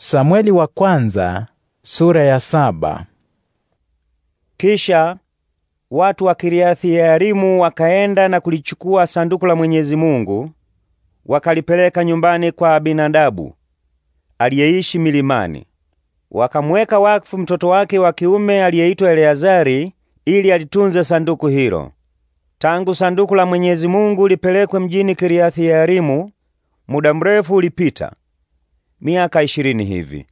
Samweli wa kwanza sura ya saba. Kisha watu wa Kiriathi Yearimu wakaenda na kulichukua sanduku la Mwenyezi Mungu, wakalipeleka nyumbani kwa Abinadabu aliyeishi milimani. Wakamweka wakfu mtoto wake wa kiume aliyeitwa Eleazari ili alitunze sanduku hilo. Tangu sanduku la Mwenyezi Mungu lipelekwe mjini Kiriathi Yearimu, muda mrefu ulipita miaka ishirini hivi.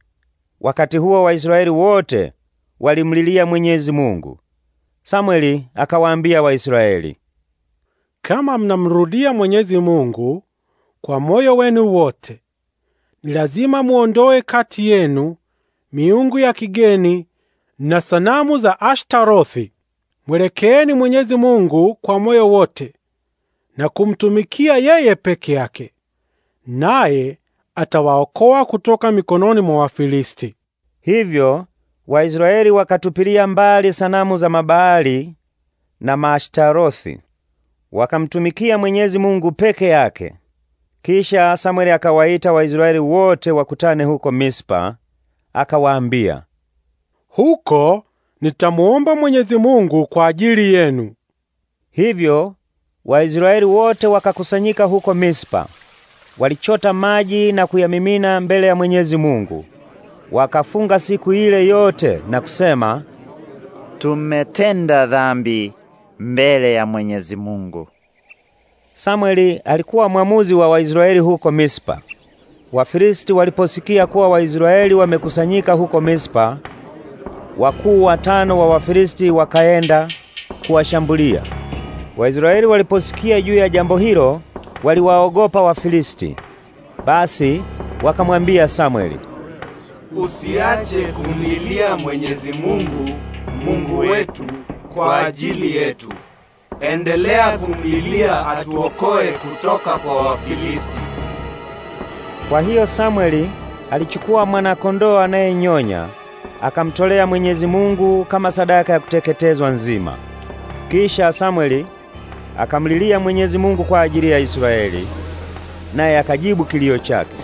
Wakati huo Waisraeli wote walimlilia Mwenyezi Mungu. Samweli akawaambia Waisraeli, kama mnamrudia Mwenyezi Mungu kwa moyo wenu wote, ni lazima muondoe kati yenu miungu ya kigeni na sanamu za Ashtarothi. Mwelekeeni Mwenyezi Mungu kwa moyo wote na kumtumikia yeye peke yake, naye atawaokoa kutoka mikononi mwa Wafilisti. Hivyo Waisraeli wakatupilia mbali sanamu za Mabaali na Maashtarothi, wakamtumikia Mwenyezi Mungu peke yake. Kisha Samweli akawaita Waisraeli wote wakutane huko Mispa, akawaambia, huko nitamuomba Mwenyezi Mungu kwa ajili yenu. Hivyo Waisraeli wote wakakusanyika huko Mispa walichota maji na kuyamimina mbele ya Mwenyezi Mungu. Wakafunga siku ile yote na kusema, tumetenda dhambi mbele ya Mwenyezi Mungu. Samweli alikuwa mwamuzi wa Waisraeli huko Mispa. Wafilisti waliposikia kuwa Waisraeli wamekusanyika huko Mispa, wakuu watano wa Wafilisti wakaenda kuwashambulia. Waisraeli waliposikia juu ya jambo hilo, waliwaogopa Wafilisti. Basi wakamwambia Samweli, usiache kumlilia Mwenyezi Mungu, Mungu wetu kwa ajili yetu. Endelea kumlilia atuokoe kutoka kwa Wafilisti. Kwa hiyo Samweli alichukua mwana-kondoo anayenyonya akamtolea Mwenyezi Mungu kama sadaka ya kuteketezwa nzima. Kisha Samweli akamlilia Mwenyezi Mungu kwa ajili ya Israeli, naye akajibu kilio chake.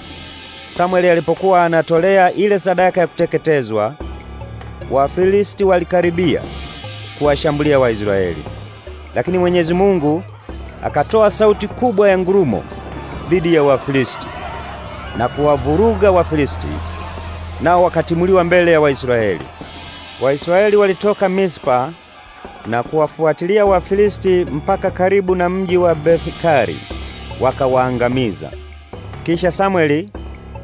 Samweli alipokuwa anatolea ile sadaka ya kuteketezwa, Wafilisti walikaribia kuwashambulia Waisraeli, lakini Mwenyezi Mungu akatoa sauti kubwa ya ngurumo dhidi ya Wafilisti na kuwavuruga Wafilisti, nao wakatimuliwa mbele ya Waisraeli. Waisraeli walitoka Mispa na kuwafuatilia Wafilisti mpaka karibu na mji wa Bethkari wakawaangamiza. Kisha Samweli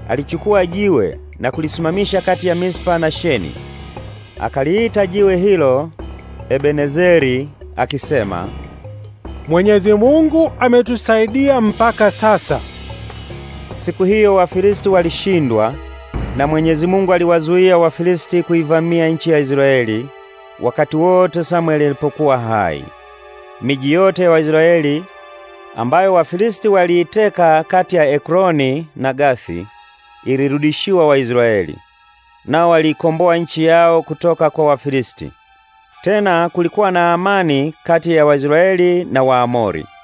alichukua jiwe na kulisimamisha kati ya Mispa na Sheni. Akaliita jiwe hilo Ebenezeri akisema, Mwenyezi Mungu ametusaidia mpaka sasa. Siku hiyo Wafilisti walishindwa na Mwenyezi Mungu aliwazuia Wafilisti kuivamia nchi ya Israeli wakati wote Samweli alipokuwa hai. Miji yote ya wa Waisraeli ambayo Wafilisti waliiteka kati ya Ekroni na Gathi ilirudishiwa Waisraeli, nao walikomboa nchi yao kutoka kwa Wafilisti. Tena kulikuwa na amani kati ya Waisraeli na Waamori.